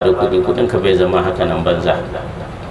da kuɗi kuɗin ka bai zama haka nan banza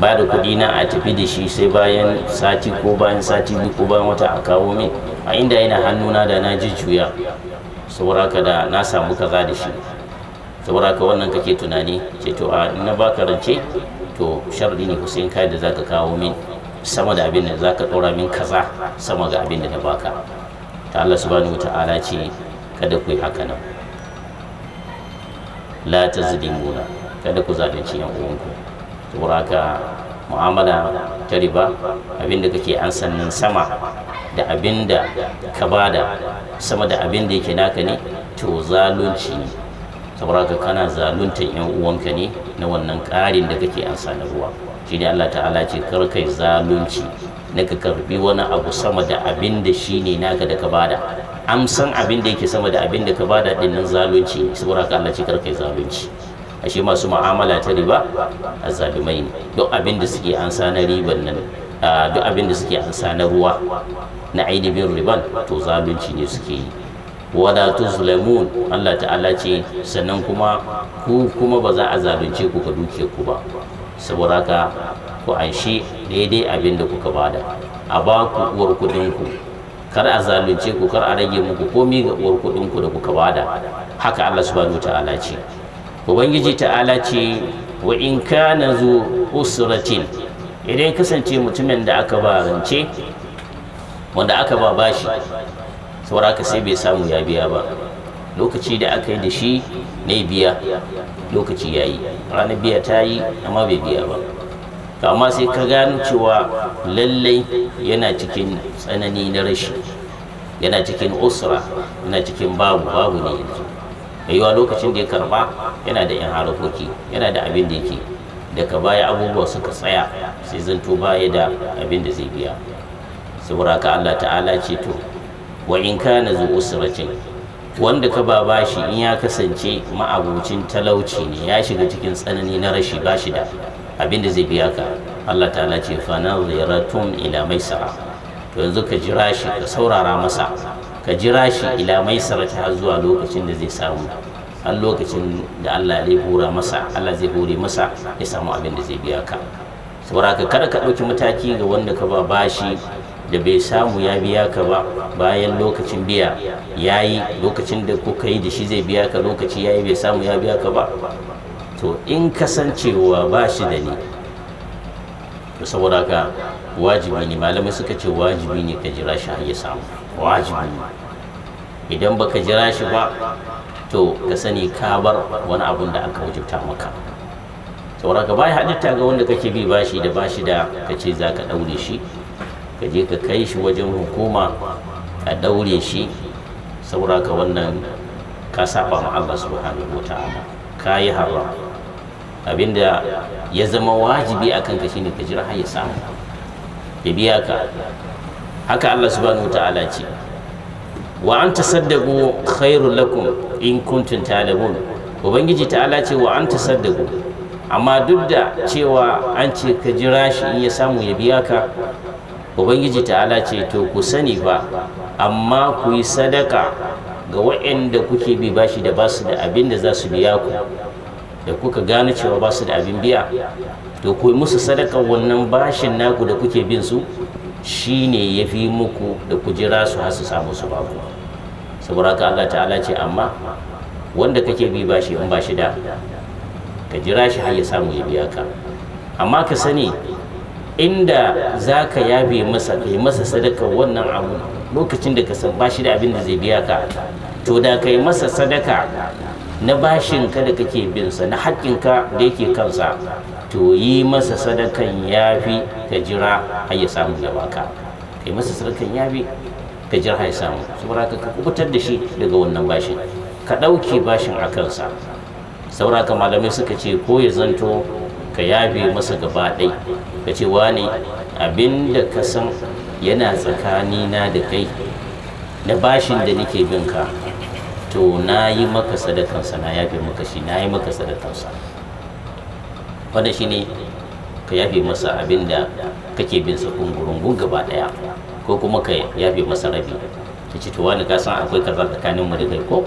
ba da kuɗi na a tafi da shi sai bayan sati ko bayan sati biyu ko bayan wata a kawo min a inda yana hannuna da na ji saboda ka da na samu kaza da shi saboda ka wannan kake tunani ce to a na baka rance to sharadi ne kusa kai da zaka kawo min sama da abin da zaka ɗora min kaza sama ga abin da na baka ta Allah subhanahu wataala ce kada ku yi haka nan la kada ku zalunci yan uwanku saboda haka mu'amala ta riba abinda kake an sannan sama da abinda ka bada sama da abinda yake naka ne to zalunci ne saboda haka kana zaluntar yan uwanka ne na wannan ƙarin da kake an sa na ruwa shi ne Allah ta'ala ce kar kai zalunci na ka karbi wani abu sama da abin da shi ne naka da ka bada amsan abin da yake sama da abin da ka bada dinnan zalunci saboda haka Allah ce kar kai zalunci ashe masu mu'amala ta riba azzalumai ne duk abin da suke sa na riban nan duk abin da suke ansa na ruwa na ainihin riban to zalunci ne suke yi wala zulamun Allah ta'ala ce sannan kuma ku kuma ba za a zalunce ku ka duke ku ba saboda haka ku anshi daidai abin da kuka bada a ba ku uwar kudin ku kar a zalunce ku kar a rage muku komi ga uwar kudin ku da kuka bada haka Allah subhanahu ta'ala ce ubangiji ta'ala ce wa in kana zu usratin idan kasance mutumin da aka ba rance wanda aka ba bashi saboda ka sai bai samu ya biya ba lokaci da aka yi da shi ne biya lokaci ya yi ranar biya ta yi amma bai biya ba amma sai ka gano cewa lallai yana cikin tsanani na rashi yana cikin usra yana cikin babu babu ne yanzu yiwuwa lokacin da ya karba yana da yan harakoki yana da abin da yake daga baya abubuwa suka tsaya sai zanto baya da abin da zai biya saboda ka Allah ta'ala ce to wa in ka na zo usuracin wanda ka ba bashi in ya kasance ma'abucin talauci ne ya shiga cikin tsanani na rashi bashi da abin da zai biya ka Allah ta'ala ce fa naziratun ila maisara to yanzu ka jira shi ka saurara masa ka jira shi ila mai sarata har zuwa lokacin da zai samu har lokacin da Allah zai hura masa Allah zai hure masa ya samu abin da zai biya ka saboda ka kada ka ɗauki mataki ga wanda ka ba bashi da bai samu ya biya ka ba bayan lokacin biya yayi lokacin da kuka yi da shi zai biya ka lokaci ya bai samu ya biya ka ba to in kasancewa ba shi da ni to saboda haka wajibi ne malamai suka ce wajibi ne ka jira shi har ya samu wajibi ne idan baka jira shi ba to ka sani ka bar wani abun da aka wajibta maka saboda ka bai halitta ga wanda kake bi bashi da bashi da kace zaka ka daure shi ka je ka kai shi wajen hukuma ka daure shi saboda ka wannan ka saba ma Allah subhanahu wataala ka yi haram abinda ya zama wajibi a kanka shine ka jira har ya samu ya biya ka haka Allah subhanahu ta'ala ce wa an tasaddaqu khairul lakum in kuntum ta'lamun ubangiji ta'ala ce wa an tasaddaqu amma duk da cewa an ce ka jira shi in ya samu ya biya ka ubangiji ta'ala ce to ku sani ba amma ku yi sadaka ga waɗanda kuke bi bashi da basu da abin da za su biya ku da kuka gane cewa ba su da abin biya to ku musu sadaka wannan bashin naku da kuke bin su shine ya fi muku da ku jira su har su samu su baku saboda ka Allah ta'ala ce amma wanda kake bi bashi in bashi da ka jira shi har ya samu ya biya ka amma ka sani inda za ka yabe masa kai masa sadaka wannan abu lokacin da ka san bashi da abin da zai biya ka to da kai masa sadaka na bashin ka da kake sa na haƙƙin ka da yake kansa to yi masa sadakan yafi ka jira har ya samu ya baka kai masa sadakan yafi ka jira har ya samu saboda ka kubutar da shi daga wannan bashin ka ɗauke bashin a kansa saboda ka malamai suka ce ko ya zanto ka yafe masa gaba ɗai ka ce wani abin da ka san yana tsakanina da kai na bashin da nake bin ka to na yi maka sana na yafe maka shi na yi maka sana wanda shi ne ka yafe masa abin da kake bin sa kungurungun gaba daya ko kuma ka yafe masa rabi ta ce to wani kasan akwai kaza tsakanin mu da kai ko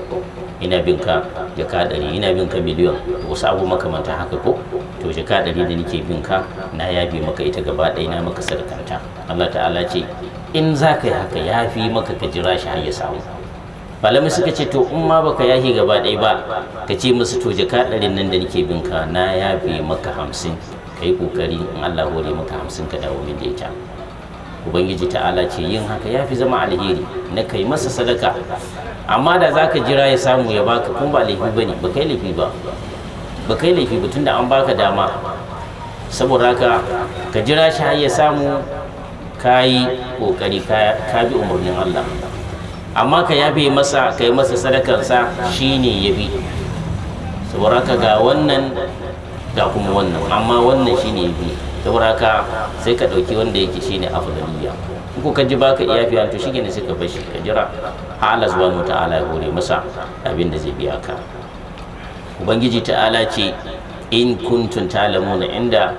ina bin ka jaka ɗari ina bin ka miliyon wasu abu makamanta haka ko to jaka ɗari da nake bin ka na yafe maka ita gaba daya na maka sadakanta Allah ta'ala ce in za ka yi haka yafi maka ka jira shi har ya samu malamai suka ce to in ma baka yahi gaba ɗaya ba ka ce musu to jaka ɗarin nan da nake bin ka na yafe maka hamsin ka yi ƙoƙari in Allah hore maka hamsin ka dawo min da ita ubangiji ta'ala ce yin haka ya fi zama alheri na kai masa sadaka amma da za ka jira ya samu ya baka kun ba laifi ba ne ba kai laifi ba ba kai laifi ba tunda an baka dama saboda haka ka jira shi har ya samu ka yi ƙoƙari ka bi umarnin Allah amma ka yafe masa ka yi masa sadakarsa shine yabi saboda ka ga wannan ga kuma wannan amma wannan shine yabi saboda ka sai ka ɗauki wanda yake shine afdaliya ko ka ji baka iyafiya to shige ne sai ka bashi ka jira Allah subhanahu ta'ala ya hore masa abin da zai biya ka ubangiji ta'ala ce in kuntum ta'lamuna inda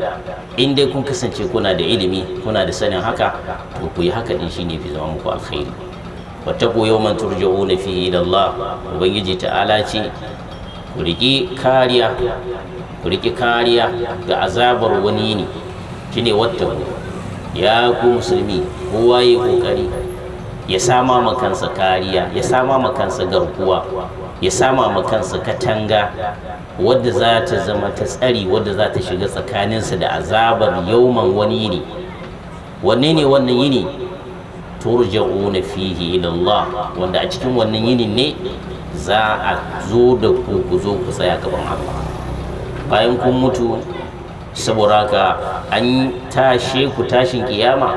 in dai kun kasance kuna da ilimi kuna da sanin haka to ku yi haka din shine fi zama muku alkhairi wattaku yawman turja'una fi ila Allah ubangiji ta'ala ce ku kariya ku kariya ga azabar wani ne shine wattaku ya ku musulmi kowa waye kokari ya sama ma kansa kariya ya sama ma kansa garkuwa ya sama ma kansa katanga wadda za ta zama ta tsari wadda za ta shiga tsakaninsa da azabar yauman wani yini wanne ne wannan yini turja'una fihi ila Allah wanda a cikin wannan yinin ne za a zo da ku ku zo ku tsaya gaban Allah bayan kun mutu saboda ka an tashe ku tashin kiyama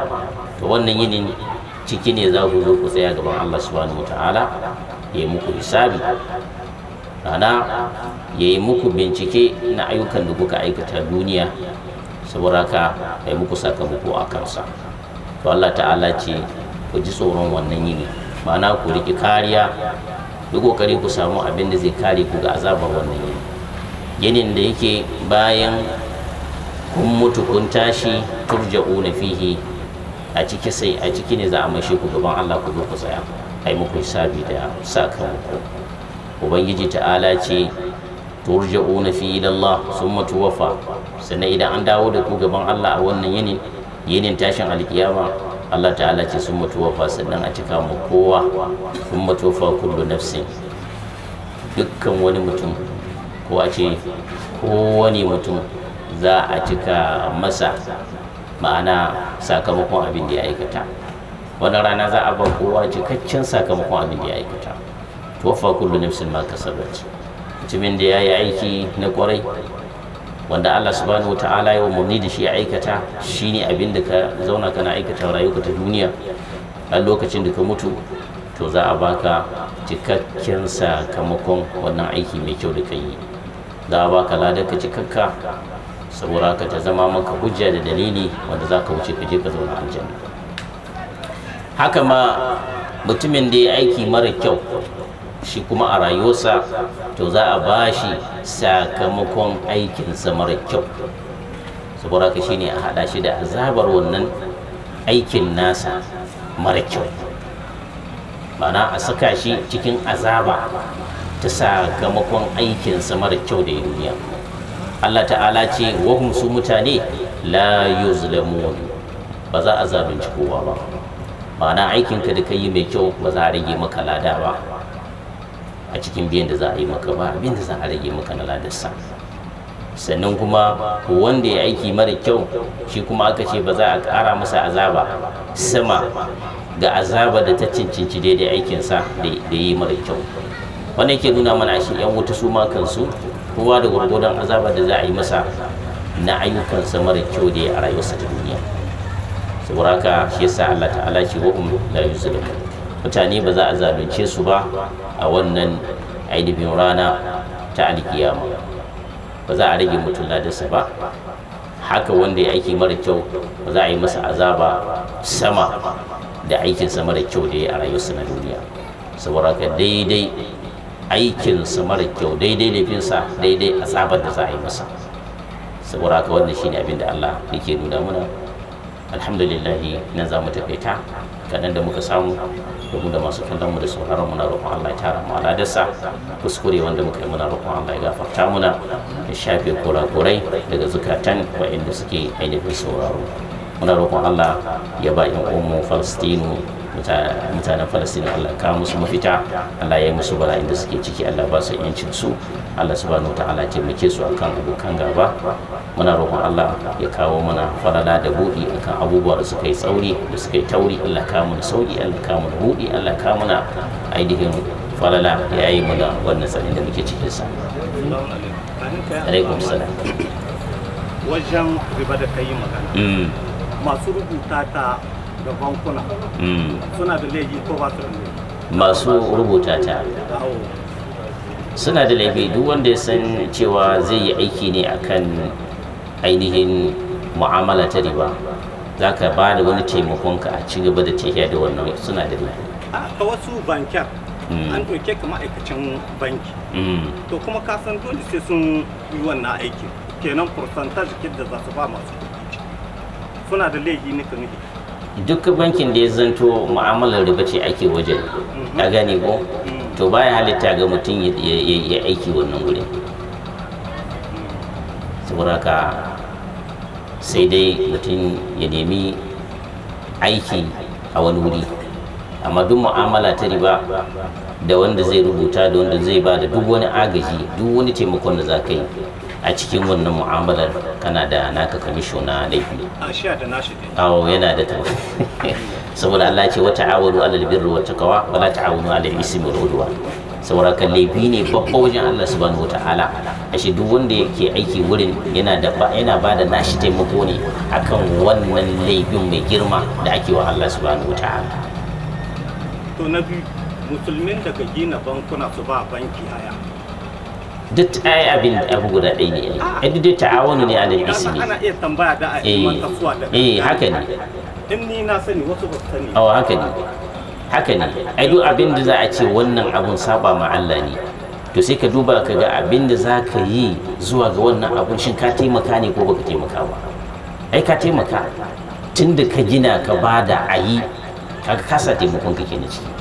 to wannan yinin ciki ne za ku zo ku tsaya gaban Allah subhanahu wataala ya yi muku hisabi rana ya yi muku bincike na ayyukan da kuka aikata duniya saboda ka ya yi muku sakamako a kansa to Allah ta'ala ce ku ji tsoron wannan yini ma'ana ku riƙi kariya duk ƙoƙari ku samu abin da zai kare ku ga azabar wannan yini yinin da yake bayan kun mutu kun tashi turja'u fihi a ciki sai a ciki ne za a mashi ku gaban Allah ku zo ku tsaya ai muku hisabi da ku ubangiji ta'ala ce turja'una fi sun mutu tuwafa sannan idan an dawo da ku gaban Allah a wannan yinin yinin tashin alkiyama Allah ta'ala ce sun mutu wafa sannan a cika mu kowa sun mutu wafa kullu nafsin dukkan wani mutum ko a ce kowane mutum za a cika masa ma'ana sakamakon abin da ya aikata wani rana za a ban kowa cikakken sakamakon abin da ya aikata to fa kullu nafsin ma kasabat mutumin da ya yi aiki na kwarai wanda Allah subhanahu ta'ala ya umarni da shi aikata shine abin da ka zauna kana aikata rayuka ta duniya a lokacin da ka mutu to za a baka cikakken sakamakon wannan aiki mai kyau da ka yi za a baka ladar ka cikakka saboda ka ta zama maka hujja da dalili wanda za ka wuce ka je ka zauna aljanna haka ma mutumin da ya aiki mara kyau shi kuma a rayuwarsa to za a ba shi sakamakon aikinsa mara kyau saboda ka shine a hada shi da azabar wannan aikin nasa mara kyau ma'ana a saka shi cikin azaba ta sakamakon aikinsa mara kyau da duniya Allah ta'ala ce wa su mutane la yuzlamun ba za a zalunci kowa ba ma'ana aikinka da ka yi mai kyau ba za a rage maka lada ba a cikin biyan da za a yi maka ba abin da za a rage maka na ladarsa sannan kuma wanda ya aiki mara kyau shi kuma aka ce ba za a ƙara masa azaba sama ga azaba da ta cincinci daidai aikinsa da yi mara kyau wannan yake nuna mana shi yan wuta su ma kansu kowa da gwargwadon azaba da za a yi masa na ayyukansa mara kyau da ya a rayuwarsa ta duniya saboda haka shi yasa Allah ta'ala ce wa hum la mutane ba za a zalunce su ba a wannan ainihin rana ta alkiyama ba za a rage mutum ladarsa ba haka wanda ya aiki mara kyau ba za a yi masa azaba sama da aikinsa mara kyau da ya a rayuwarsa na duniya saboda ka daidai aikinsa mara kyau daidai laifinsa daidai a azabar da za a yi masa saboda haka wannan shine abin da Allah yake nuna muna alhamdulillah nan za mu tafi ta kaɗan da muka samu da da masu kallon mu da sauraron muna roƙon Allah ya tara mu aladarsa kuskure wanda muka yi muna roƙon Allah ya gafarta muna ya shafe kurakurai daga zukatan waɗanda suke ainihin sauraro muna roƙon Allah ya ba 'yan uwan Falastinu mutanen falastin allah ka musu mafita allah ya musu bala inda suke ciki allah ba su yancin su allah subhanahu ta'ala taimake su akan abokan gaba muna roƙon allah ya kawo mana falala da buɗi akan abubuwa da suka yi tsauri da suka yi tauri allah ka mana sauki allah ka mana buɗi allah ka mana ainihin falala ya yi mana wannan tsanin da muke cikin sa alaikum salam wajen riba da kai magana mm. masu rubuta ta da bankuna hmm. suna da laifi ko ba su da laifi masu rubuta ta suna da laifi duk wanda ya san cewa zai yi aiki ne akan ainihin mu'amala ta riba za ka ba da wani taimakonka a ci gaba da tafiya da wannan suna da laifi a wasu bankin hmm. an ɗauke ka ma'aikacin banki hmm. to kuma ka san dole sai sun yi wannan aiki kenan fursantar da za su ba masu suna da laifi ne ka nufi duk bankin da ya zanto mu'amalar riba ce ake wajen a gane ko to baya halitta ga mutum ya aiki wannan wurin saboda ka sai dai mutum ya nemi aiki a wani wuri amma duk mu'amala ta riba da wanda zai rubuta da wanda zai ba da duk wani agaji duk wani taimakon da za ka yi a cikin wannan mu'amalar kana da naka kamisho na laifi awo yana da tawo saboda Allah ce wa ta'awunu alal birri wa taqwa wa la ta'awunu alal ismi wal udwan saboda kan laifi ne babba wajen Allah subhanahu wataala ashe duk wanda yake aiki wurin yana da yana bada nashi taimako ne akan wannan laifin mai girma da ake wa Allah subhanahu wataala to na biyu musulmin daga gina bankuna su ba banki haya duk ai abin da abu guda ɗaya ne ai duk dai ta'awunu ne alal ismi ana iya tambaya da eh eh haka ne din ni na sani wasu ba sani oh haka ne haka ne ai duk abin da za a ce wannan abun saba ma Allah ne to sai ka duba ka ga abin da za ka yi zuwa ga wannan abun shin ka taimaka ne ko baka taimaka ba ai ka taimaka tun da ka gina ka bada a yi ka kasa taimakon ka ke na ciki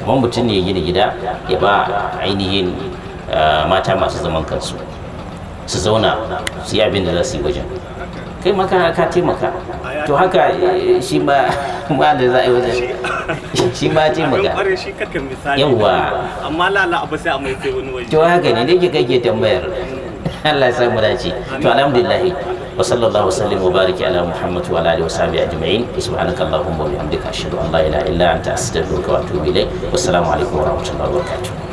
kamar mutum ne ya gina gida ya ba ainihin Eh, mata masu zaman kansu su zauna su yi abin da za su yi wajen kai maka ka taimaka to haka eh, shi ma ma da za a yi wajen shi ma taimaka yawwa amma lala abu sai a mai sai wani waje to haka ne nake kake tambayar Allah ya samu dace to alhamdulillah wa sallallahu wasallim wa baraka ala muhammad wa ala alihi wa sahbihi ajma'in subhanakallahumma wa bihamdika ashhadu an la ilaha illa anta astaghfiruka wa atubu ilayk assalamu alaikum wa rahmatullahi wa barakatuh